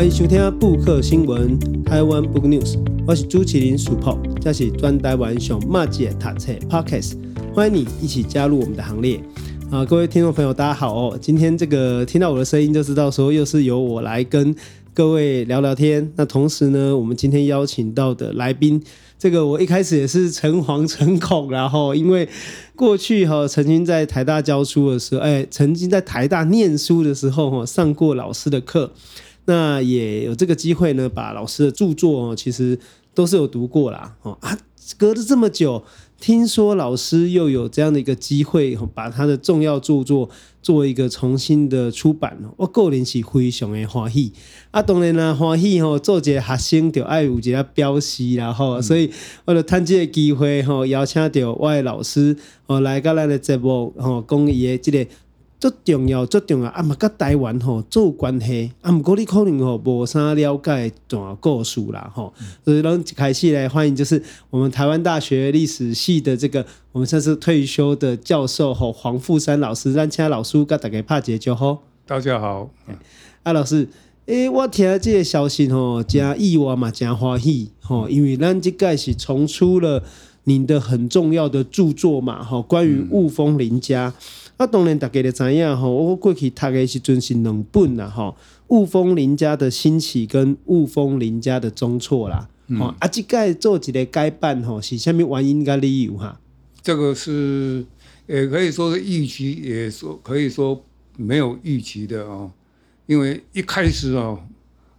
歡迎收聽布克新聞台灣 Book News，我是朱麒麟 Super，這是專台灣想罵街的特色 Podcast，歡迎你一起加入我們的行列。啊，各位聽眾朋友，大家好哦！今天這個聽到我的聲音就知道，說又是由我來跟各位聊聊天。那同時呢，我們今天邀請到的來賓，這個我一開始也是誠惶誠恐，然後因為過去哈曾經在台大教書的時候，哎，曾經在台大念書的時候哈上過老師的課。那也有這個機會呢，把老師的著作哦，其實都是有讀過啦。哦啊，隔了這麼久，聽說老師又有這樣的一個機會，把他的重要著作做一個重新的出版了。我個人是非常的歡喜啊，當然啦，歡喜吼、哦，做一個學生就要有一個標識。然後、嗯，所以為了趁這個機會吼、哦，邀請到我的老師哦來到咱的節目，吼，講伊的即、這個。最重要最重要，啊唔甲台灣吼做關係，啊毋過你可能吼無啥了解大故事，總要告訴啦吼。所以咱一開始咧歡迎，就是我們台灣大學歷史系的這個，我們算是退休的教授吼，黃富三老師，咱請老師甲逐個拍一下招呼，大家好，阿老師，誒、欸，我聽這個消息吼，真意外嘛，真歡喜吼，因為咱即屆是重出了您的很重要的著作嘛，吼關於霧峰林家。那、啊、當然，大家就知道哈？我過去讀的時候是兩本啦、啊、哈。霧峰林家的興起跟霧峰林家的中挫啦，哦、嗯，啊，這個做一個改版哈、啊，是什麼原因跟理由哈、啊。這個是也可以說是預期，也說可以說沒有預期的哦。因為一開始哦，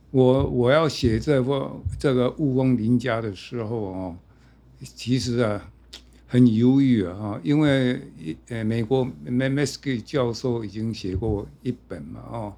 我我要寫這部這個、這個、霧峰林家的時候哦，其實啊。很猶豫啊，因為呃，美國 Meskill 教授已經寫過一本嘛，哦，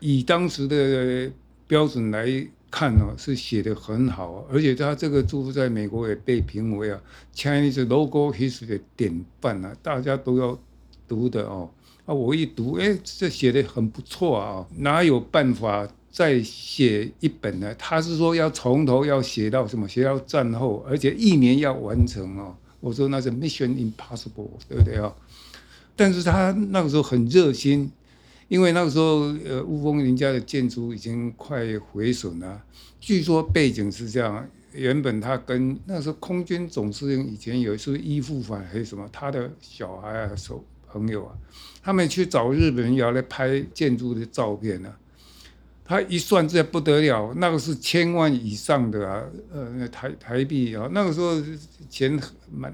以當時的標準來看呢，是寫得很好，而且他這個著作在美國也被評為啊，Chinese Local History 的典範啊，大家都要讀的哦。啊，我一讀，哎，這寫得很不錯啊，哪有辦法再寫一本呢？他是說要從頭要寫到什麼？寫到戰後，而且一年要完成哦。我說，那是 Mission Impossible，對不對啊、哦？但是他那個時候很熱心，因為那個時候呃霧峰林家的建築已經快毀損了。據說背景是這樣：原本他跟那時候空軍總司令以前有一次依附反還是什麼，他的小孩啊、手朋友啊，他們去找日本人要來拍建築的照片呢、啊。他一算，這不得了，那個是千萬以上的啊，呃，台台幣啊，那個時候錢蠻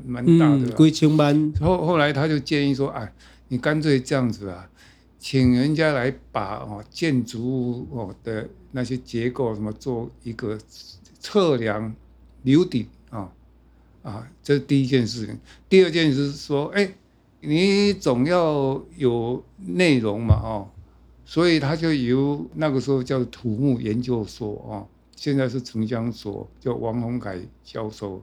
蠻大的、啊。嗯，過千萬。後後來他就建議說：“哎，你乾脆這樣子啊，請人家來把哦建築物的那些結構什麼做一個測量頂，留底啊啊，這是第一件事情。第二件事是說，哎、欸，你總要有內容嘛，哦。”所以他就由那個時候叫土木研究所啊，現在是城鄉所，叫王鴻楷教授。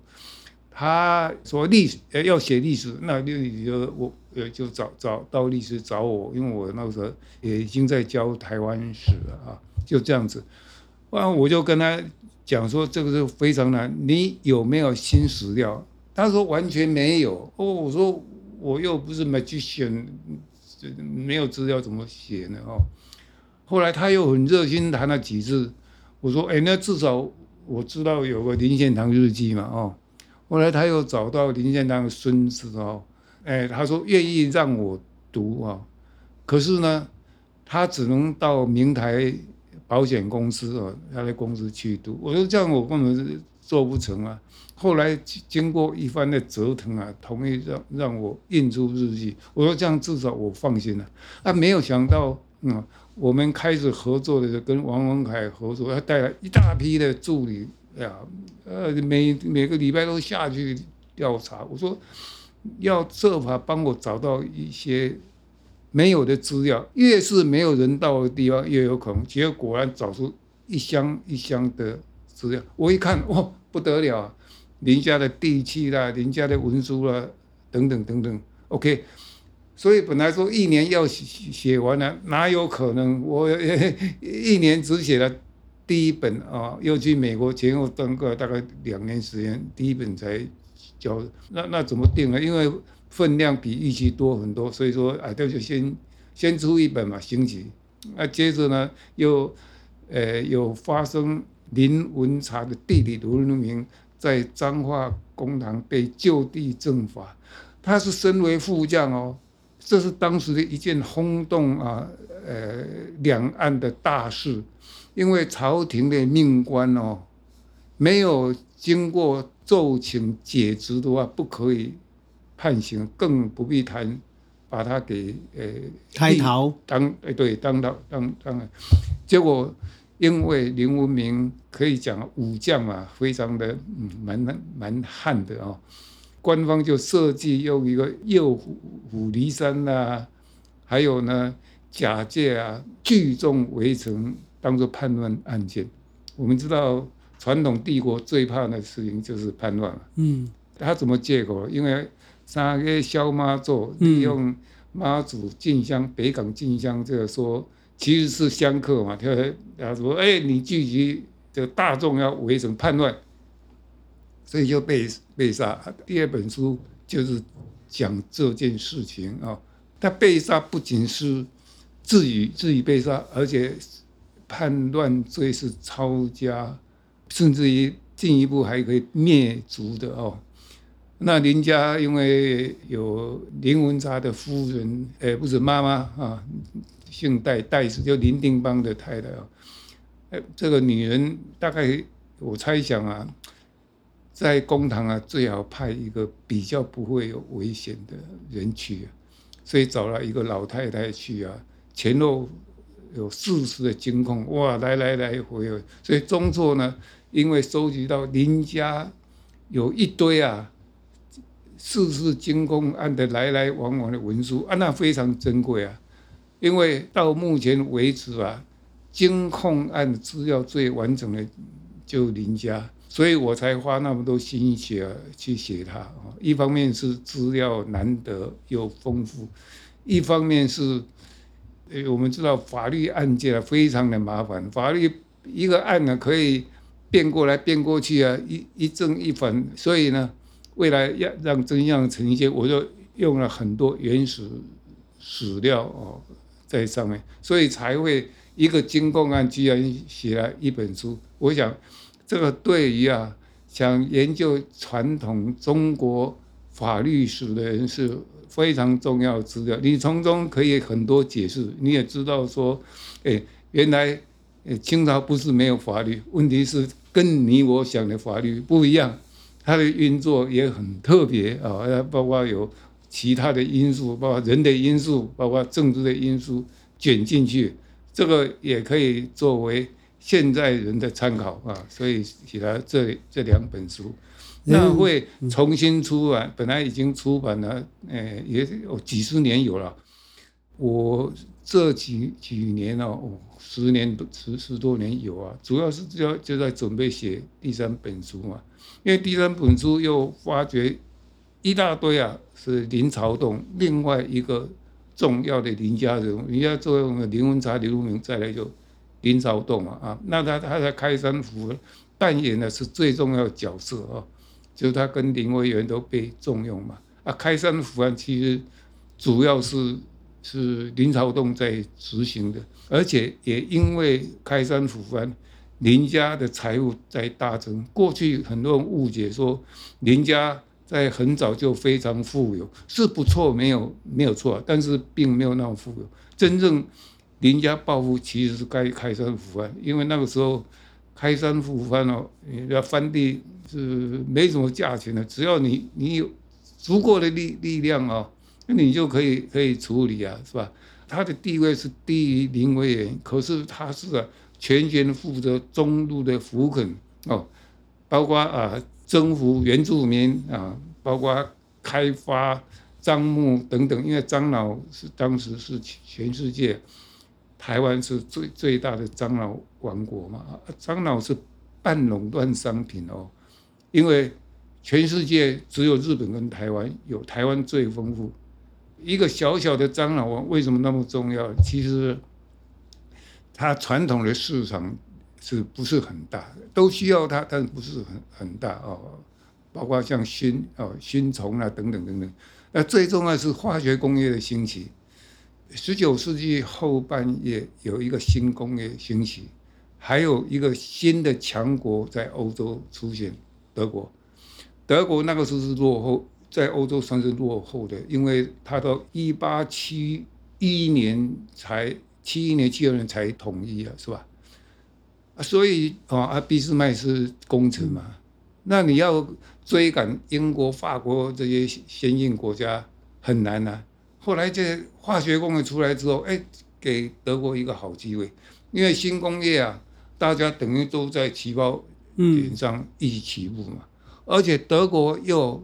他說歷史要寫歷史，那歷就我呃就找找到歷史找我，因為我那個時候也已經在教台灣史了啊，就這樣子。那我就跟他講說這個是非常難，你有沒有新史料？他說完全沒有。哦，我說我又不是 magician。沒有資料怎麼寫呢？哦，後來他又很熱心談了幾次，我說：“哎、欸，那至少我知道有個林獻堂日記嘛，哦。”後來他又找到林獻堂的孫子哦，哎、欸，他說願意讓我讀啊、哦，可是呢，他只能到明台保險公司哦，他的公司去讀。我說，這樣我不能。做不成啊！後來經過一番的折騰啊，同意讓讓我印出日記。我說這樣至少我放心了、啊。啊，沒有想到，嗯，我們開始合作的時候，跟王文凱合作，他帶來一大批的助理，呀、啊，呃、啊，每每個禮拜都下去調查。我說要設法幫我找到一些沒有的資料，越是沒有人到的地方，越有可能。結果果然找出一箱一箱的。是這我一看哦，不得了、啊，人家的地契啦，人家的文書啦，等等等等，OK。所以本來說一年要寫寫完了，哪有可能？我一年只寫了第一本啊，要、哦、去美國，前後耽擱大概兩年時間，第一本才交。那那怎麼定啊？因為分量比預期多很多，所以說啊，這、哎、就先先出一本嘛，興起。那、啊、接着呢，又呃有發生。林文察的弟弟林文明在彰化公堂被就地正法，他是身為副將哦，這是當時的一件轟動啊，呃，兩岸的大事，因為朝廷的命官哦，沒有經過奏請解職的話，不可以判刑，更不必談把他給呃開逃當對當逃當當，當，結果。因為林文明可以講武將啊，非常的蠻蠻蠻悍的啊、哦。官方就設計用一個誘虎虎離山吶、啊，還有呢假借啊聚眾圍城當作叛亂案件。我們知道傳統帝國最怕的事情就是叛亂嗯，他怎麼借口？因為三個蕭媽做利用媽祖進香、嗯、北港進香這個說。其實是相克嘛，他他說，哎，你聚集，就大眾要圍成叛亂，所以就被被殺。第二本書就是講這件事情啊、哦。他被殺不僅是自己自己被殺，而且叛亂罪是抄家，甚至於進一步還可以滅族的哦。那林家因為有林文察的夫人，哎，不是媽媽啊。姓戴，戴氏叫林定邦的太太啊，哎，這個女人大概我猜想啊，在公堂啊，最好派一個比較不會有危險的人去啊，所以找了一個老太太去啊，前後有四次的京控，哇，來來來回回，所以中座呢，因為收集到林家有一堆啊，四次京控案的來來往往的文書啊，那非常珍貴啊。因為到目前為止啊，京控案資料最完整的就林家，所以我才花那麼多心血、啊、去寫它。一方面是資料難得又豐富，一方面是，我們知道法律案件啊非常的麻煩，法律一個案呢、啊、可以變過來變過去啊，一一正一反，所以呢，未來要讓真相呈現，我就用了很多原始史料、哦在上面，所以才會一個京公案居然寫了一本書。我想，這個對於啊想研究傳統中國法律史的人是非常重要的資料。你從中可以很多解釋，你也知道說，哎、欸，原來清朝不是沒有法律，問題是跟你我想的法律不一樣，它的運作也很特別啊，包括有。其他的因素，包括人的因素，包括政治的因素捲進去，這個也可以作為現在人的參考啊。所以寫了這這兩本書，嗯、那會重新出版、啊，本來已經出版了，哎、欸，也有幾十年有了。我這幾幾年、啊、哦，十年十十多年有啊，主要是就就在準備寫第三本書嘛，因為第三本書又發掘。一大堆啊，是林朝棟，另外一個重要的林家人，林家作用的林文察、林文明，再來就林朝棟啊，啊，那他他在開山撫番扮演的是最重要的角色啊、哦，就是他跟林維源都被重用嘛，啊，開山撫番其實主要是是林朝棟在執行的，而且也因為開山撫番，林家的財務在大增，過去很多人誤解說林家。在很早就非常富有，是不錯，沒有沒有錯，但是並沒有那麼富有。真正林家暴富，其實是開山撫番，因為那個時候開山撫番哦，人家番地是沒什麼價錢的，只要你你有足夠的力力量哦，那你就可以可以處理啊，是吧？他的地位是低於林維源，可是他是、啊、全權負責中路的撫墾哦，包括啊。征服原住民啊，包括開發樟木等等，因為樟腦是當時是全世界台灣是最最大的樟腦王國嘛。啊樟腦是半壟斷商品哦，因為全世界只有日本跟台灣有，台灣最豐富。一個小小的樟腦王為什麼那麼重要？其實它傳統的市場。是不是很大？都需要它，但是不是很很大哦。包括像燻哦、燻蟲啊等等等等。那最重要是化學工業的興起。十九世紀後半葉有一個新工業興起，還有一個新的強國在歐洲出現——德國。德國那個時候是落後，在歐洲算是落後的，因為它到一八七一年才七一年七二年才統一啊，是吧？所以、哦、啊，俾斯麥是工程嘛，那你要追趕英國、法國這些先進國家很難啊。後來這化學工業出來之後，哎、欸，給德國一個好機會，因為新工業啊，大家等於都在起跑點上一起起步嘛。嗯、而且德國又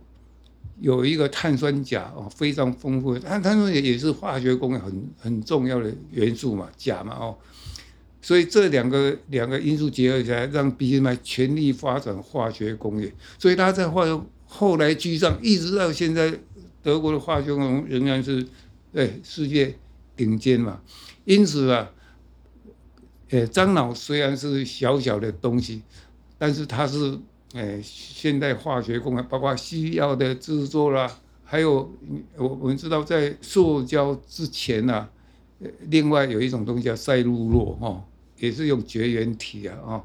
有，有一個碳酸鉀哦，非常豐富，的，碳酸鉀也是化學工業很很重要的元素嘛，鉀嘛哦。.所以這兩個兩個因素結合起來，讓俾斯麥全力發展化學工業。所以他在化學後來居上，一直到現在，德國的化學工業仍然是、欸、世界頂尖嘛。因此啊，張樟腦雖然是小小的東西，但是它是、欸、現代化學工業包括西藥的製作啦，還有我我們知道在塑膠之前啊，另外有一種東西叫賽璐珞哈。也是用絕緣體啊，哦，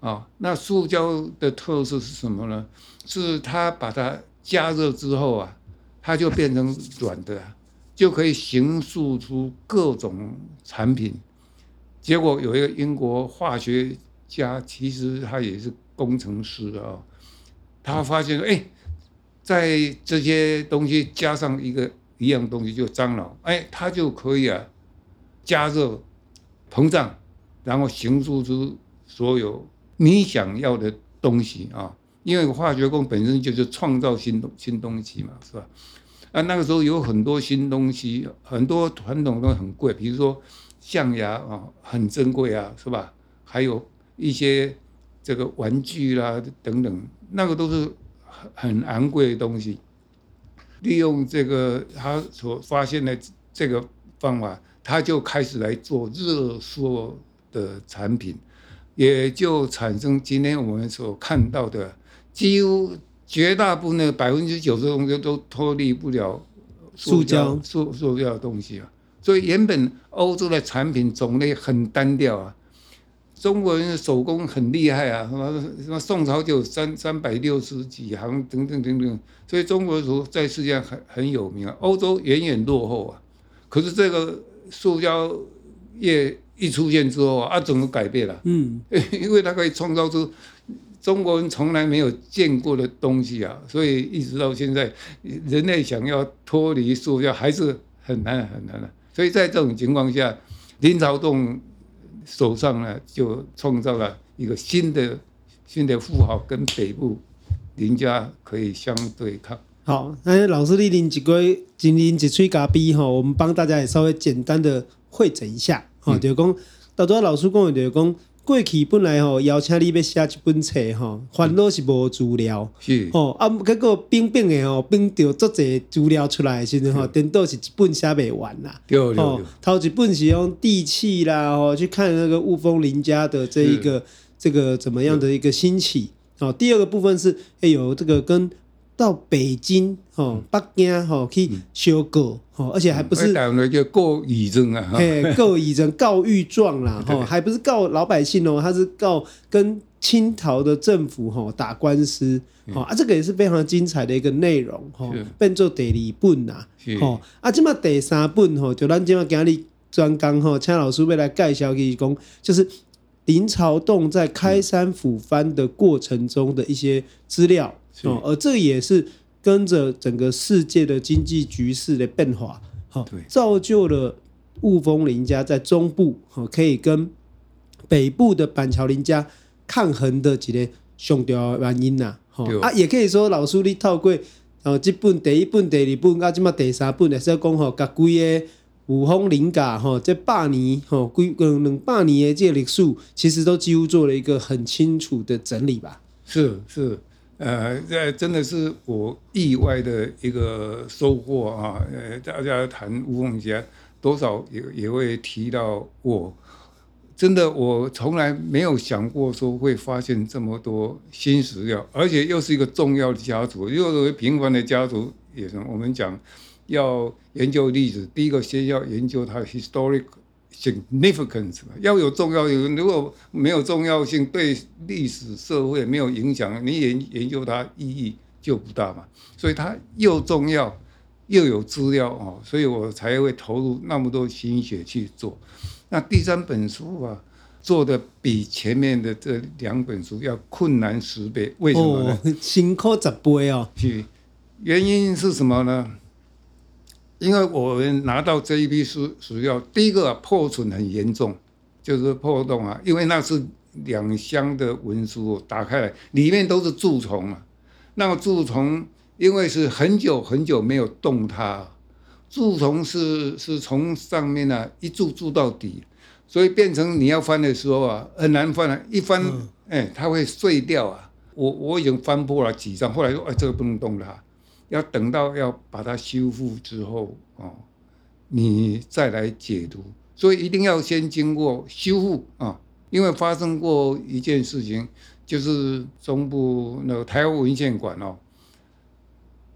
哦，那塑膠的特色是什麼呢？是它把它加熱之後啊，它就變成軟的， 就可以形塑出各種產品。結果有一個英國化學家，其實他也是工程師啊，他發現說，哎、欸，在這些東西加上一個一樣東西就樟腦，哎、欸，它就可以啊加熱膨脹。然後形塑出所有你想要的東西啊，因為化學工本身就是創造新東新東西嘛，是吧？啊，那個時候有很多新東西，很多傳統都很貴，比如說象牙啊，很珍貴啊，是吧？還有一些這個玩具啦、啊、等等，那個都是很昂貴的東西。利用這個他所發現的這個方法，他就開始來做熱縮的產品，也就產生今天我們所看到的，幾乎絕大部分的百分之九十的東西都脫離不了塑膠塑膠塑料的東西啊。所以原本歐洲的產品種類很單調啊，中國人的手工很厲害啊，什麼什麼宋朝就有三三百六十幾行等等等等，所以中國在世界上很很有名啊，歐洲遠遠落後啊。可是這個塑膠業一出現之後啊，啊，改變了，嗯，因為它可以創造出中國人從來沒有見過的東西啊，所以一直到現在，人類想要脫離塑膠還是很難、啊、很難的、啊。所以在這種情況下，林朝棟手上呢，就創造了一個新的新的富豪，跟北部林家可以相對抗。好，那、欸、老師您幾個，僅天只吹咖啡哈、哦，我們幫大家也稍微簡單的彙整一下。哦，嗯、就講，多多老師講的就是講，過去本來哦，邀請你要寫一本冊哈，煩惱是無資料，哦，啊，這個編編的哦，編就做些資料出來的時陣吼，顛倒是，是一本寫袂完吶。有有，頭一本是用地契啦，哦，去看那個霧峰林家的這一個是這個怎麼樣的一個興起。了哦，第二個部分是哎、欸、有這個跟。到北京，吼，北京，吼、嗯，去修購，吼，而且還不是。去、嗯嗯嗯、告御狀啊！去告御狀，告御狀 啦，吼，還不是告老百姓哦，他是告跟清朝的政府吼打官司，吼、嗯、啊，這個也是非常精彩的一個內容，吼是，變作第二本吶，吼啊，今嘛是、啊、第三本吼，就咱今嘛今日專綱，吼，請老師為來介紹，佮講就是林朝棟在開山撫番的過程中的一些資料。嗯是哦，而這也是跟着整個世界的經濟局勢的變化，哈、哦、對造就了霧峰林家在中部哈、哦、可以跟北部的板橋林家抗衡的幾個上要原因吶，哈、哦、對啊，也可以說老師，你透過哦，這本第一本、第二本，啊，這嘛第三本，來說講、哦、吼，甲幾個霧峰林家哈、哦，這百年哈，幾兩兩百年的這歷史，其實都幾乎做了一個很清楚的整理吧，是是。是呃，這真的是我意外的一個收穫啊！呃，大家談霧峰林家，多少也也會提到我。真的，我從來沒有想過說會發現這麼多新史料，而且又是一個重要的家族。又是一個平凡的家族，也是我們講要研究歷史，第一個先要研究它的 historic。significance，要有重要性，如果沒有重要性，對歷史社會沒有影響，你也研究它，意義就不大嘛。所以它又重要又有資料，哦，所以我才會投入那麼多心血去做。那第三本書啊，做的比前面的這兩本書要困難十倍，為什麼呢？哦，辛苦十倍啊，哦！原因是什麼呢？因為我們拿到這一批史料，主要第一個、啊、破損很嚴重，就是破洞啊。因為那是兩箱的文書，打開來裡面都是蛀蟲啊。那個蛀蟲，因為是很久很久沒有動它，蛀蟲是是從上面呢、啊、一蛀蛀到底，所以變成你要翻的時候啊，很難翻了、啊。一翻，嗯、哎，它會碎掉啊。我我已經翻破了幾張，後來說，哎，這個不能動它。要等到要把它修復之後啊、哦，你再來解讀，所以一定要先經過修復啊、哦。因為發生過一件事情，就是中部那個、台灣文獻館哦，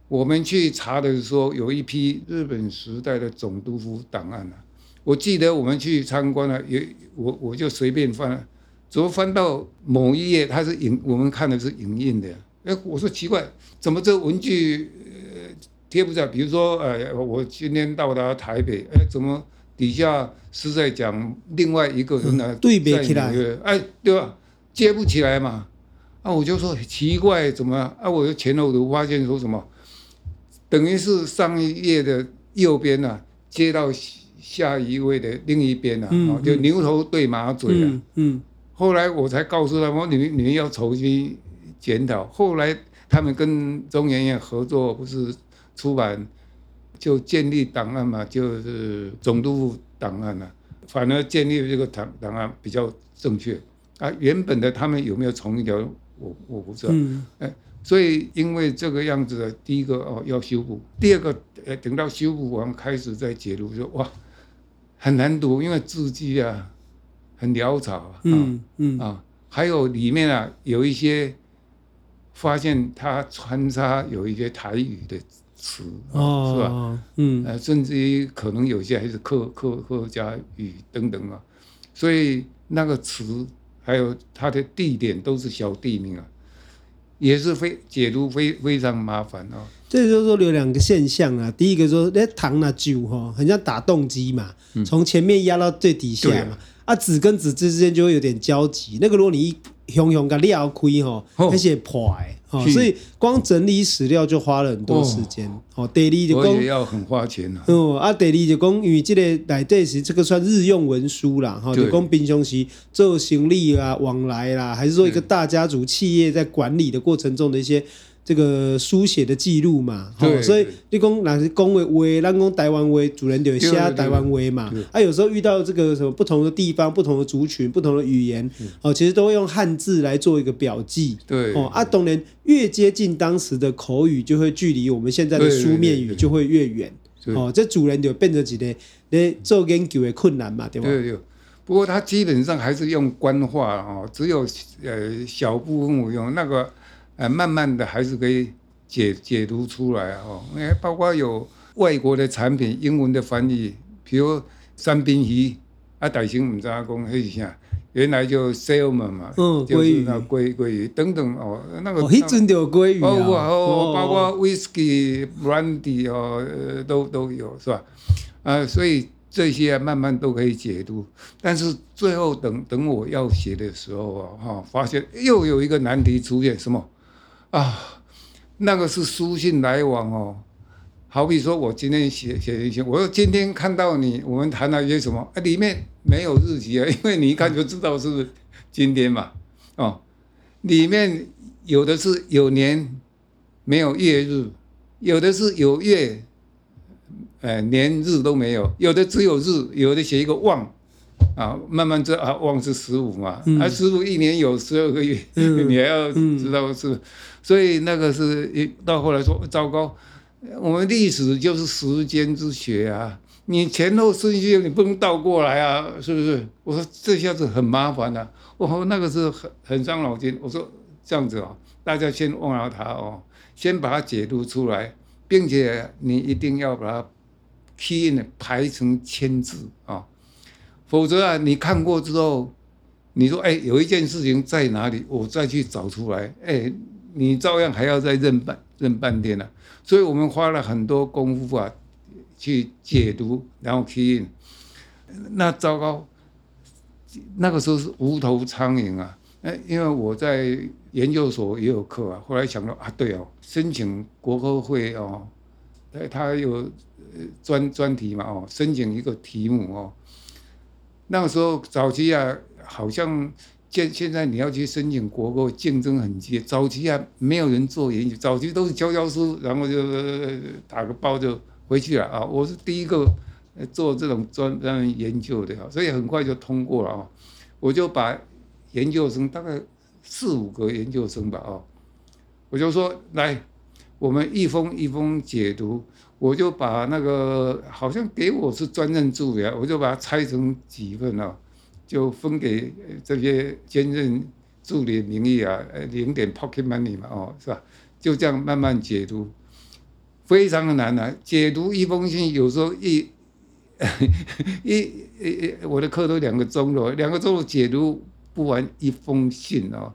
我們去查的時候，有一批日本時代的總督府檔案啊。我記得我們去參觀了，也我我就隨便翻，怎麼翻到某一頁，它是影，我們看的是影印的、啊。哎，我說奇怪，怎麼這文具、呃、貼不在？比如說，呃，我今天到達台北，哎，怎麼底下是在講另外一個人呢、啊嗯？對，比起來？哎，對吧？接不起來嘛。那、啊、我就說奇怪，怎麼？啊，我就前後都發現說什麼？等於是上一頁的右邊呢、啊，接到下一位的另一邊呢、啊，啊、嗯哦，就牛頭對馬嘴啊。嗯。嗯後來我才告訴他們，我你們你們要重新。檢討，後來他們跟中研院合作，不是出版就建立檔案嘛？就是總督檔案呢、啊，反而建立這個檔檔案比較正確啊。原本的他們有沒有重疊，我我不知道。哎、嗯欸，所以因為這個樣子，第一個哦要修補，第二個、欸、等到修補完開始再解讀，說哇很難讀，因為字跡啊很潦草啊，嗯嗯啊，還有裡面啊有一些。發現他穿插有一些台語的詞，哦、是吧？嗯、呃，甚至於可能有些還是客客客家語等等啊，所以那個詞還有它的地點都是小地名啊，也是非解讀非非常麻煩哦。這就是說有兩個現象啊，第一個說，那糖、個、拿、啊、酒哈、哦，很像打動機嘛，從前面壓到最底下嘛，嗯、啊，字跟字之之間就會有點交集，那個如果你一熊熊個料開吼，而且壞，所以光整理史料就花了很多時間。哦，第二就講，也要很花錢、啊、哦，阿、啊、第二就講，因為這個裡面是這個算日用文書啦，對就講平常時做行李啦、啊、往來啦，還是說一個大家族企業在管理的過程中的一些。這個書寫的記錄嘛對、哦，所以你講那是公的話，那講台灣話自然就寫台灣話嘛。啊，有時候遇到這個什麼不同的地方、不同的族群、不同的語言，嗯、哦，其實都會用漢字來做一個表記，對，對哦，啊，當然越接近當時的口語，就會距離我們現在的書面語就會越遠。對對對對，哦，這自然就變成幾呢，那做研究的困難嘛，對吧？對對。不過他基本上還是用官話哦，只有呃小部分會用那個。啊、慢慢的還是可以解解讀出來哦、欸，包括有外國的產品英文的翻譯，比如三賓魚啊，大雄唔知原來就 salmon 嘛，嗯、就是那鮭鮭魚,魚,魚等等哦，那個。哦，迄陣就鮭魚、啊。哦，哦哦包括包括 whisky brandy 哦，都、呃、都有是吧？啊，所以這些、啊、慢慢都可以解讀，但是最後等等我要寫的時候啊、哦，哈、哦，發現又有一個難題出現，什麼？啊，那個是書信來往哦，好比說，我今天寫寫一些，我說今天看到你，我們談了一些什麼？啊，裡面沒有日期啊，因為你一看就知道是今天嘛，哦，裡面有的是有年，沒有月日，有的是有月，哎，年日都沒有，有的只有日，有的寫一個望，啊，慢慢知道啊，望是十五嘛，而十五一年有十二個月，嗯、 你還要知道是。嗯所以那個是到後來說糟糕，我們歷史就是時間之學啊，你前後順序你不能倒過來啊，是不是？我說這下子很麻煩啊，我、哦、那個是很很傷腦筋。我說這樣子哦，大家先忘了它哦，先把它解讀出來，並且你一定要把它 key in 排成千字啊、哦，否則啊，你看過之後，你說哎、欸，有一件事情在哪裡？我再去找出來，哎、欸。你照樣還要再認半認半天呢、啊，所以我們花了很多功夫啊，去解讀，然後 Key in。那糟糕，那個時候是無頭蒼蠅啊、欸！因為我在研究所也有課啊，後來想到啊，對哦，申請國科會哦，他有專專題嘛哦，申請一個題目哦。那個時候早期啊，好像。現現在你要去申請國購，競爭很激烈。早期啊，沒有人做研究，早期都是教教書，然後就打個包就回去了啊。我是第一個做這種專讓人研究的啊，所以很快就通過了啊。我就把研究生大概四五個研究生吧啊，我就說，來，我們一封一封解讀。我就把那個好像給我是專任助理啊，我就把它拆成幾份啊。就分給這些兼任助理的名義啊，領點 pocket money 嘛，哦，是吧？就這樣慢慢解讀，非常的難啊，解讀一封信，有時候一一一，一我的課都兩個鐘了，兩個鐘解讀不完一封信哦，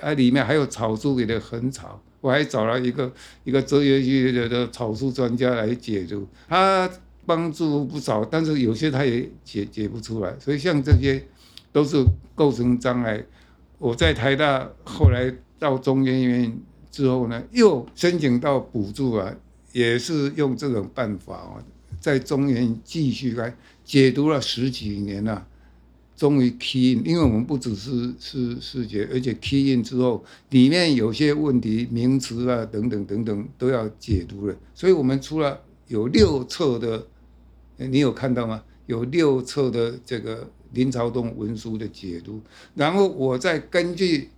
喔，啊，裡面還有草書給的很草，我還找了一個一個哲學系的的草書專家來解讀，他幫助不少，但是有些他也解解不出來，所以像這些。都是構成障礙。我在台大後來到中研院之後呢，又申請到補助啊，也是用這種辦法啊，在中研繼續來、啊、解讀了十幾年了、啊，終於 key in。因為我們不只是是世界，而且 key in 之後裡面有些問題名詞啊等等等等都要解讀了，所以我們出了有六冊的，你有看到嗎？有六冊的這個。林朝棟文書的解讀，然後我再根據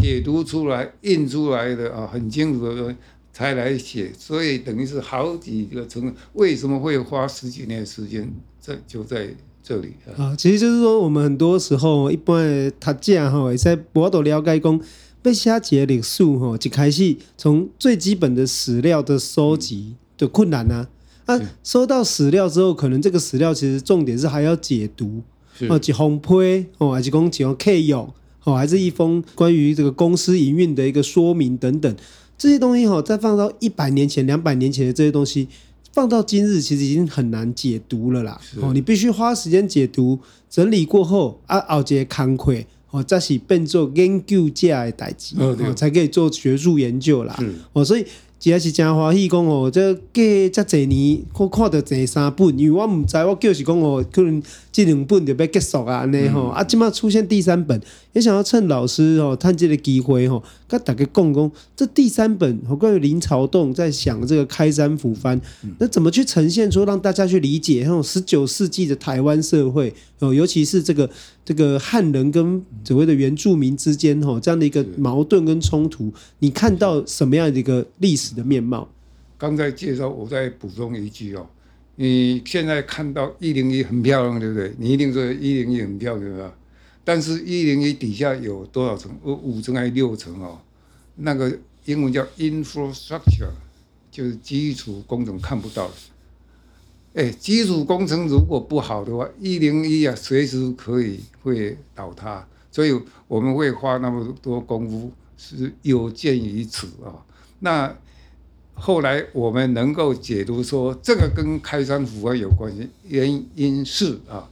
解讀出來印出來的啊，很清楚的人才來寫，所以等於是好幾個層。為什麼會花十幾年時間在？在就在這裡啊，其實就是說，我們很多時候一般讀解哈，也在博多了解，講被下級歷史哈，就開始從最基本的史料的收集的、嗯、困難啊啊，嗯、收到史料之後，可能這個史料其實重點是還要解讀。哦，幾封批哦，還是公文哦，K 用哦，還是一封關於這個公司營運的一個說明等等，這些東西哦，再放到一百年前、兩百年前的這些東西，放到今日其實已經很難解讀了啦。哦是，你必須花時間解讀、整理過後啊，熬些康虧哦，才是變作研究者的代志才可以做學術研究啦。哦是，所以。是很這也是真歡喜，講哦，這過這儕年，我看到第三本，因為我唔知，我就是講哦，可能這兩本就被結束了這樣啊，呢哦，啊，起碼出現第三本，也想要趁老師哦探這個機會哦，佮大家講講，這第三本哦關於林朝棟在想這個開山撫番，那怎麼去呈現出讓大家去理解，像十九世紀的台灣社會哦，尤其是這個這個漢人跟所謂的原住民之間哦，這樣的一個矛盾跟衝突，你看到什麼樣的一個歷史？的面貌，剛才介紹，我再補充一句哦。你現在看到一零一很漂亮，對不對？你一定說一零一很漂亮，啊，但是一零一底下有多少層？呃，五層還是六層哦。那個英文叫 infrastructure，就是基礎工程看不到的。哎，基礎工程如果不好的話，一零一啊，隨時可以會倒塌。所以我們會花那麼多功夫，是有鑑於此啊。那後來我們能夠解讀說，這個跟開山撫番有關係，原因是啊，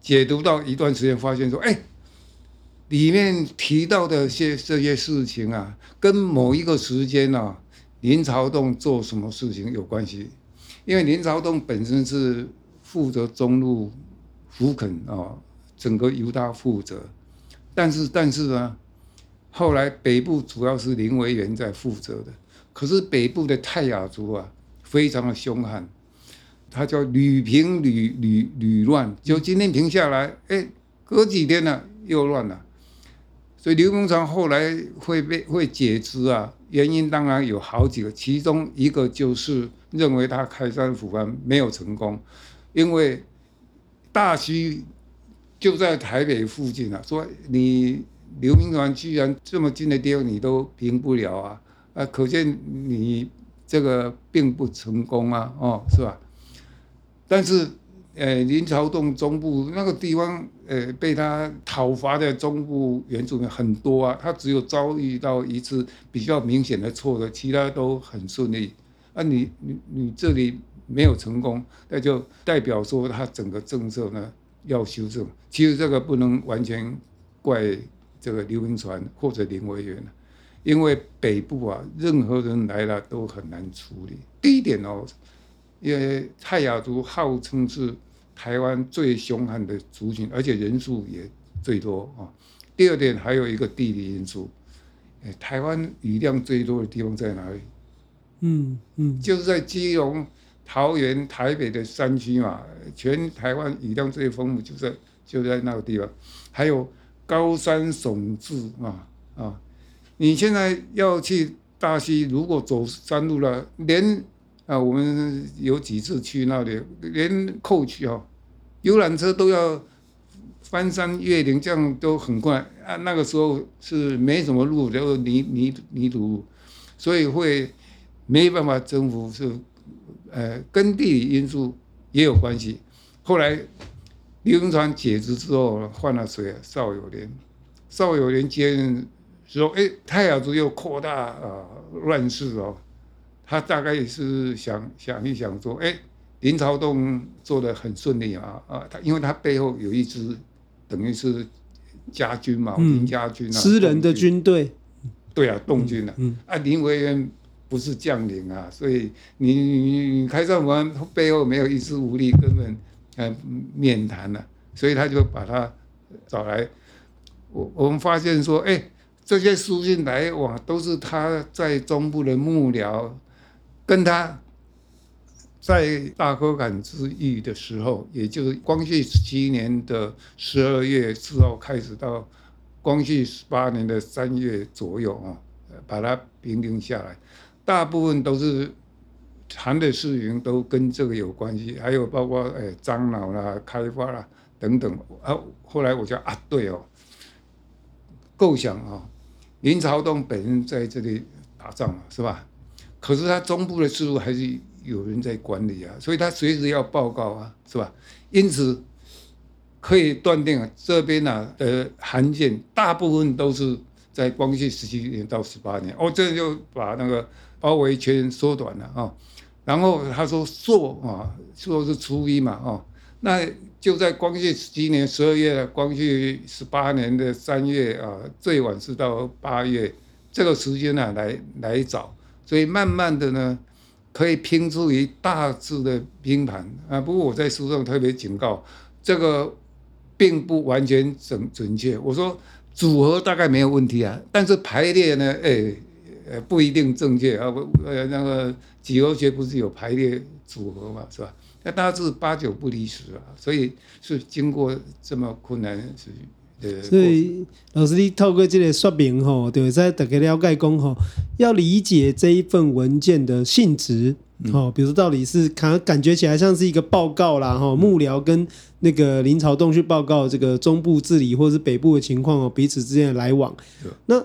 解讀到一段時間，發現說，哎、欸，裡面提到的這些這些事情啊，跟某一個時間啊，林朝棟做什麼事情有關係，因為林朝棟本身是負責中路撫墾啊，整個由他負責，但是但是呢、啊。後來北部主要是林維源在負責的，可是北部的泰雅族啊，非常的兇悍，他叫屢平屢屢屢亂，就今天平下來，哎、欸，隔幾天呢、啊、又亂了，所以劉銘傳後來會被會解職啊，原因當然有好幾個，其中一個就是認為他開山撫番沒有成功，因為大溪就在台北附近啊，所以你。劉銘傳居然，這麼近的地方你都平不了啊啊，可見你這個並不成功啊哦是吧？但是呃、欸，林朝棟中部那個地方呃、欸，被他討伐的中部原住民很多啊，他只有遭遇到一次比較明顯的挫折，其他都很順利。啊你，你你你這裡沒有成功，那就代表說他整個政策呢要修正。其實這個不能完全怪。這個劉銘傳或者林維源，因為北部啊，任何人來了都很難處理。第一點哦，因為泰雅族號稱是台灣最兇悍的族群，而且人數也最多啊、哦。第二點，還有一個地理因素、哎，台灣雨量最多的地方在哪裡？嗯嗯，嗯就是在基隆、桃園、台北的山區嘛。全台灣雨量最豐富，就在就在那個地方，還有。高山聳峙啊啊！你現在要去大溪，如果走山路了，連啊，我們有幾次去那裡，連扣去哈，遊覽車都要翻山越嶺，這樣都很快啊。那個時候是沒什麼路，然後泥泥泥土路，所以會沒辦法征服，是呃，跟地理因素也有關係。後來。劉文川解職之後換了誰？邵友濂。邵友濂接任之後，哎，泰雅族又擴大啊，亂、欸呃、事哦。他大概也是想想一想說，哎、欸，林朝棟做得很順利啊啊，他因為他背後有一支等於是家軍嘛，嗯、林家軍啊。私人的軍隊。對啊，棟軍啊。嗯。嗯啊，林維源不是將領啊，所以你你你開戰完背後沒有一支武力，根本。嗯、呃，面談了、啊，所以他就把他找來。我我們發現說，哎、欸，這些書信來往都是他在中部的幕僚，跟他在大嵙崁之役的時候，也就是光緒十七年的十二月四號開始到光緒十八年的三月左右啊、哦，把它平定下來，大部分都是。韓的事情都跟這個有關係，還有包括誒，樟、哎、腦啦、開發啦等等。啊，後來我叫啊，對哦，構想啊、哦，林朝棟本人在這裡打仗啊，是吧？可是他中部的事務還是有人在管理啊，所以他隨時要報告啊，是吧？因此可以斷定啊，這邊啊的函件大部分都是在光緒十七年到十八年。哦，這個、就把那個包圍圈縮短了啊。哦然後他說朔啊，朔是初一嘛，哦，那就在光緒十七年十二月，光緒十八年的三月啊，最晚是到八月，這個時間呢、啊、來來找，所以慢慢的呢，可以拼出一大致的拼盤啊。不過我在書上特別警告，這個並不完全準準確。我說組合大概沒有問題啊，但是排列呢，哎。呃，不一定正確啊，不，呃，那個幾何學不是有排列組合嘛，是吧？那大致八九不離十啊，所以是經過這麼困難的事情呃。所以老師，你透過這個說明吼，對，在大家了解講吼，要理解這一份文件的性質，好、嗯，比如說到底是看感覺起來像是一個報告啦，哈、嗯，幕僚跟那個林朝棟去報告這個中部治理或是北部的情況哦，彼此之間的來往，對那。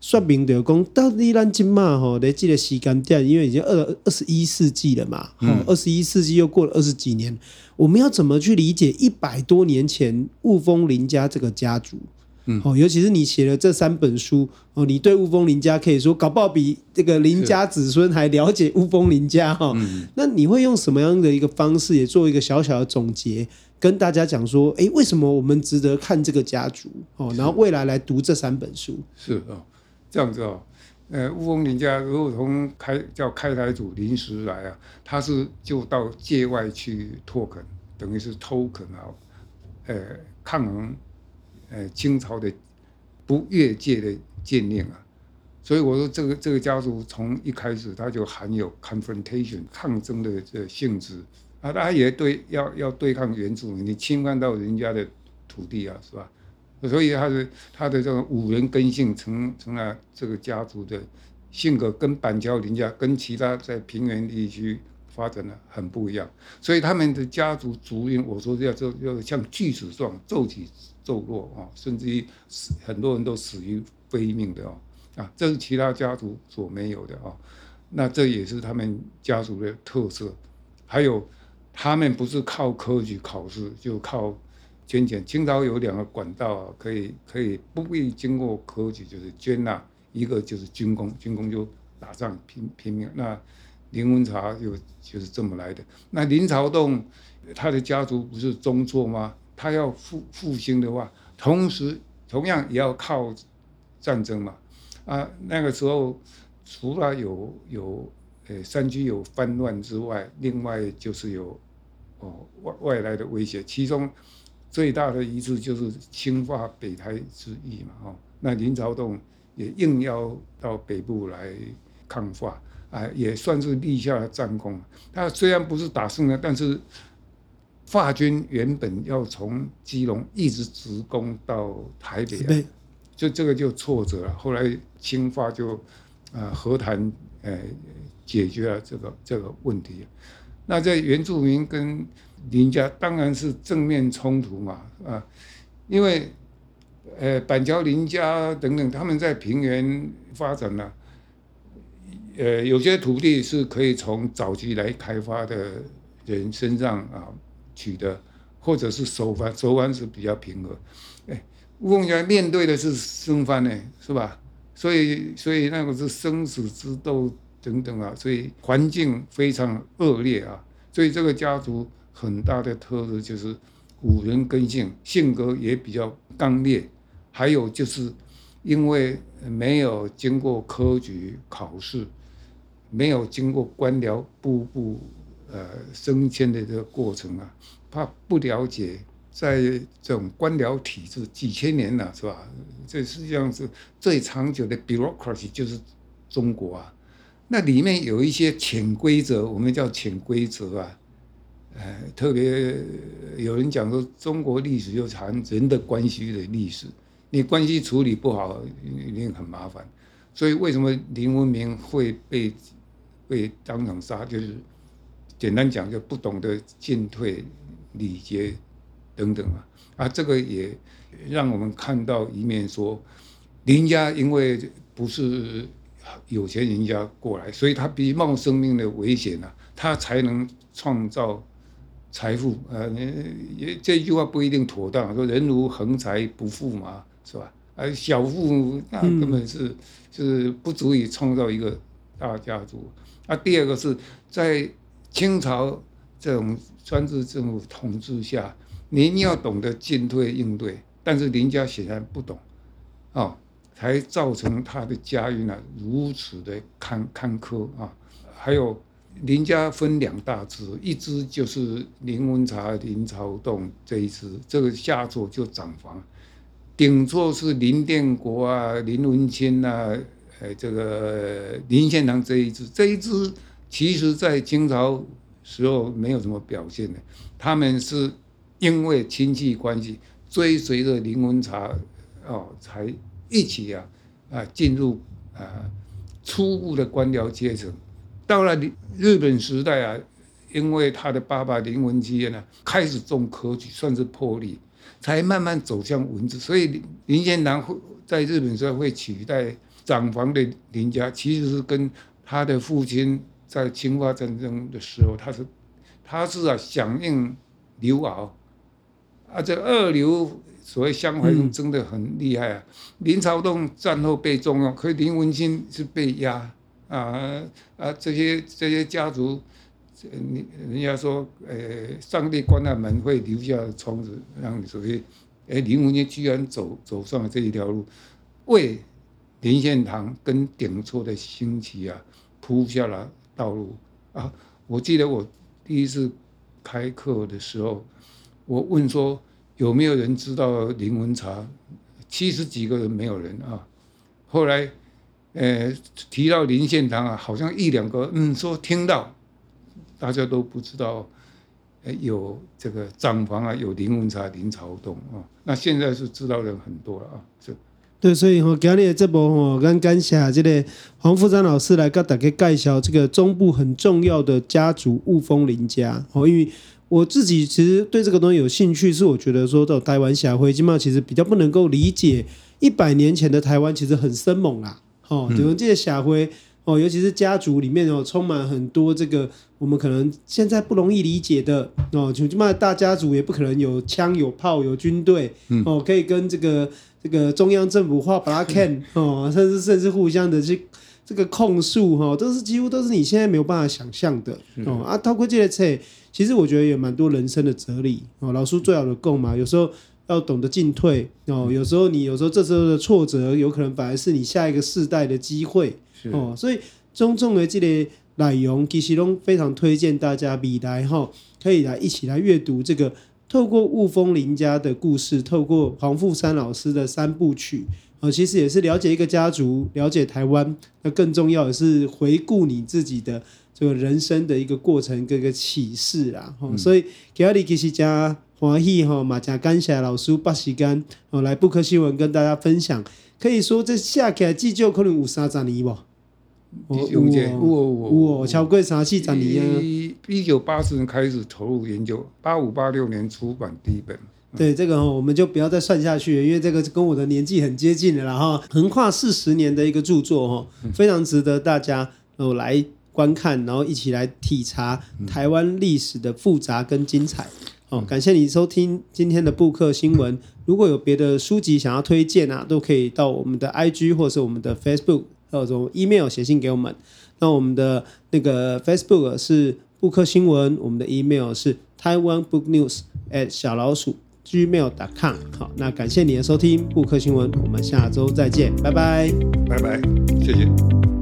算命的講，到底咱今嘛吼，得記得時間點，因為已經二二十一世紀了嘛，吼，二十一世紀又過了二十幾年，我們要怎麼去理解一百多年前霧峰林家這個家族？哦，尤其是你寫了這三本書，哦，你對霧峰林家可以說搞不好比這個林家子孫還了解霧峰林家哈。那你會用什麼樣的一個方式，也做一個小小的總結，跟大家講說，哎，為什麼我們值得看這個家族？哦，然後未來來讀這三本書是這樣子哦，呃，霧峰林家如果從開叫開台祖臨時來啊，他是就到界外去拓墾，等於是偷墾啊，呃，抗衡，呃，清朝的不越界的禁令啊。所以我說這個這個家族從一開始他就含有 confrontation 抗爭的這性質啊，他也對要要對抗原住民，你侵犯到人家的土地啊，是吧？所以他的他的這種武人根性成成了這個家族的性格，跟板橋林家跟其他在平原地區發展的很不一樣。所以他們的家族族運，我說要就要像鋸齒狀驟起驟落啊，甚至於死，很多人都死於非命的哦。啊，這是其他家族所沒有的哦，那這也是他們家族的特色。還有他們不是靠科舉考試，就靠。捐錢，清朝有兩個管道可以可以不必經過科舉，就是捐納。一個就是軍功，軍功就打仗拼拼命。那林文察就就是這麼來的。那林朝棟他的家族不是中挫嗎？他要復復興的話，同時同樣也要靠戰爭嘛。啊，那個時候除了有有呃、欸、山區有番亂之外，另外就是有哦外外來的威脅，其中。最大的一次就是清法北台之役嘛，哦，那林朝棟也應邀到北部來抗法，啊，也算是立下了戰功。他雖然不是打勝了，但是，法軍原本要從基隆一直直攻到台北，啊，就這個就挫折了。後來清法就，啊，和談，呃，解決了這個這個問題。那在原住民跟林家當然是正面衝突嘛，啊，因為，呃，板橋林家等等，他們在平原發展呢、啊，呃，有些土地是可以從早期來開發的人身上啊取得，或者是熟番，熟番是比較平和，哎，霧峰家面對的是生番呢、欸，是吧？所以所以那個是生死之鬥等等啊，所以環境非常惡劣啊，所以這個家族。很大的特色就是武人根性，性格也比較剛烈。還有就是，因為沒有經過科舉考試，沒有經過官僚步步呃升遷的這個過程啊，怕不了解在這種官僚體制幾千年了、啊，是吧？就是、這實際上是最長久的 bureaucracy 就是中國啊。那裡面有一些潛規則，我們叫潛規則啊。哎，特別有人講說，中國歷史就是談人的關係的歷史，你關係處理不好一定很麻煩。所以為什麼林文明會被被當場殺？就是簡單講，就不懂得進退禮節等等啊啊，這個也讓我們看到一面，說林家因為不是有錢人家過來，所以他必須冒生命的危險，啊，他才能創造。財富，呃，你這句話不一定妥當，說人無橫財不富嘛，是吧？而、啊、小富那根本是、嗯、是不足以創造一個大家族。那、啊、第二個是在清朝這種專制政府統治下，您要懂得進退應對，但是林家顯然不懂，哦，才造成他的家運啊，如此的坎坷啊、哦，還有。林家分兩大支，一支就是林文察、林朝棟這一支，這個下座就長房；頂座是林奠國啊、林文欽啊、呃、哎、這個林獻堂這一支。這一支其實在清朝時候沒有什麼表現的，他們是因為親戚關係追隨着林文察哦，才一起啊啊進入啊初步的官僚階層。到了日本時代啊，因為他的爸爸林文欽呢，啊、開始中科舉，算是破例，才慢慢走向文字。所以林林獻堂會在日本時候會取代長房的林家，其實是跟他的父親在清法戰爭的時候，他是他是啊響應劉璈，啊這二劉所謂相懷中真的很厲害啊。嗯、林朝棟戰後被重用，可林文欽是被壓。啊啊！這些這些家族，你人家說，欸、上帝關了門會留下的窗子，讓你所以，誒、欸，林文察居然走走上了這一條路，為林獻堂跟頂厝的興起啊鋪下了道路啊！我記得我第一次開課的時候，我問說有沒有人知道林文察？七十幾個人沒有人啊，後來。呃、欸，提到林獻堂啊，好像一兩個，嗯，說聽到，大家都不知道，欸、有這個帳房啊，有林文察、林朝棟啊，那現在是知道的人很多了啊。是對，所以、哦今哦、我今天你的這本我剛感謝這個黃富三老師來跟大家介紹這個中部很重要的家族霧峰林家、哦、因為我自己其實對這個東西有興趣，是我覺得說到台灣下回，基本上其實比較不能夠理解一百年前的台灣其實很生猛啊。哦，比如、嗯嗯、這些小輝哦，尤其是家族裡面哦，充滿很多這個我們可能現在不容易理解的哦，窮盡嘛，大家族也不可能有槍有炮有軍隊、嗯、哦，可以跟這個這個中央政府畫 black n 哦，甚至甚至互相的這這個控訴哈、哦，都是幾乎都是你現在沒有辦法想象的哦、嗯、啊，透過這些事，其實我覺得有蠻多人生的哲理哦，老叔最好的共嘛，有時候。要懂得進退哦，有時候你有時候這時候的挫折，有可能反而是你下一個世代的機會是哦，所以中中的這類奶油其實都非常推薦大家比來哈、哦，可以來一起來閱讀這個，透過霧峰林家的故事，透過黃富三老師的三部曲，啊、哦，其實也是了解一個家族，了解台灣，那更重要的是回顧你自己的這個人生的一個過程，各個啟示啦。哦嗯、所以給阿里基西家。華裔哈馬甲甘霞老師把時間，我來布克新聞跟大家分享。可以說這下起來，至少可能有三十二年吧。五屆，五五五超過三十二年一一。一九八四年開始投入研究，八五八六年出版第一本。嗯、對這個哈、哦，我們就不要再算下去了，因為這個跟我的年紀很接近了。然後。橫跨四十年的一個著作哈、哦，非常值得大家哦來觀看，然後一起來體察台灣歷史的複雜跟精彩。嗯好、哦，感謝你收聽今天的布克新聞。如果有別的書籍想要推薦啊，都可以到我們的 I G 或者是我們的 Facebook，還有 email 寫信給我們。那我們的那個 Facebook 是布克新聞，我們的 email 是 Taiwan Book News at 小老鼠 gmail.com。好、哦，那感謝你的收聽，布克新聞，我們下周再見，拜拜，拜拜，謝謝。